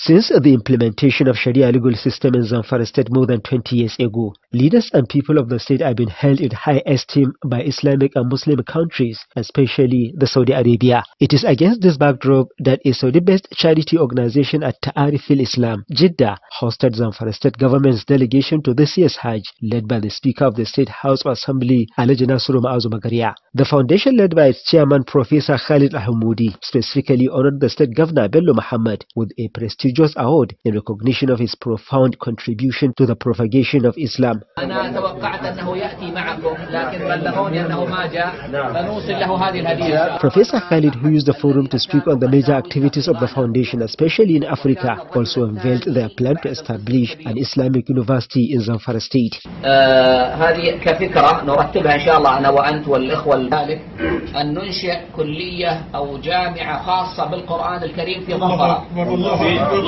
Since the implementation of Sharia legal system in Zamfara state more than 20 years ago, leaders and people of the state have been held in high esteem by Islamic and Muslim countries, especially the Saudi Arabia. It is against this backdrop that a Saudi-based charity organization at Ta'arif al-Islam, Jeddah, hosted Zamfara state government's delegation to this year's Hajj, led by the Speaker of the State House of Assembly, Alhaji Nasiru Azumagaria. The foundation led by its chairman, Professor Khalid Ahmoudi, specifically honored the state governor, Bello Muhammad, with a prestigious prestigious award in recognition of his profound contribution to the propagation of Islam. Professor Khalid, who used the forum to speak on the major activities of the foundation, especially in Africa, also unveiled their plan to establish an Islamic university in Zamfara State. هذه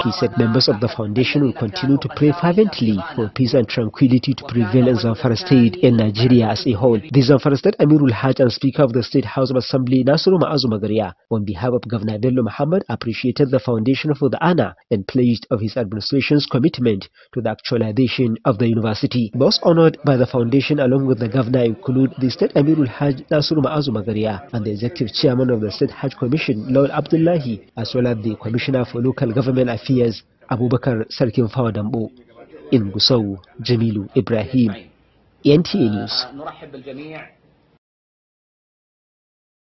he said members of the foundation will continue to pray fervently for peace and tranquility to prevail in Zamfara State and Nigeria as a whole. The Zamfara State Amirul Hajj and Speaker of the State House of Assembly Nasiru Ma'azu Magaria, on behalf of Governor Bello Muhammad, appreciated the foundation for the honor and pledged of his administration's commitment to the actualization of the university. Most honored by the foundation along with the governor include the State Amirul Hajj Nasiru Ma'azu Magaria and the Executive Chairman of the State Hajj Commission, Lord Abdullahi, as well as the Commissioner for Local Government National Abubakar Sarkin Fawa Dambo in Gusau Jamilu Ibrahim NTA News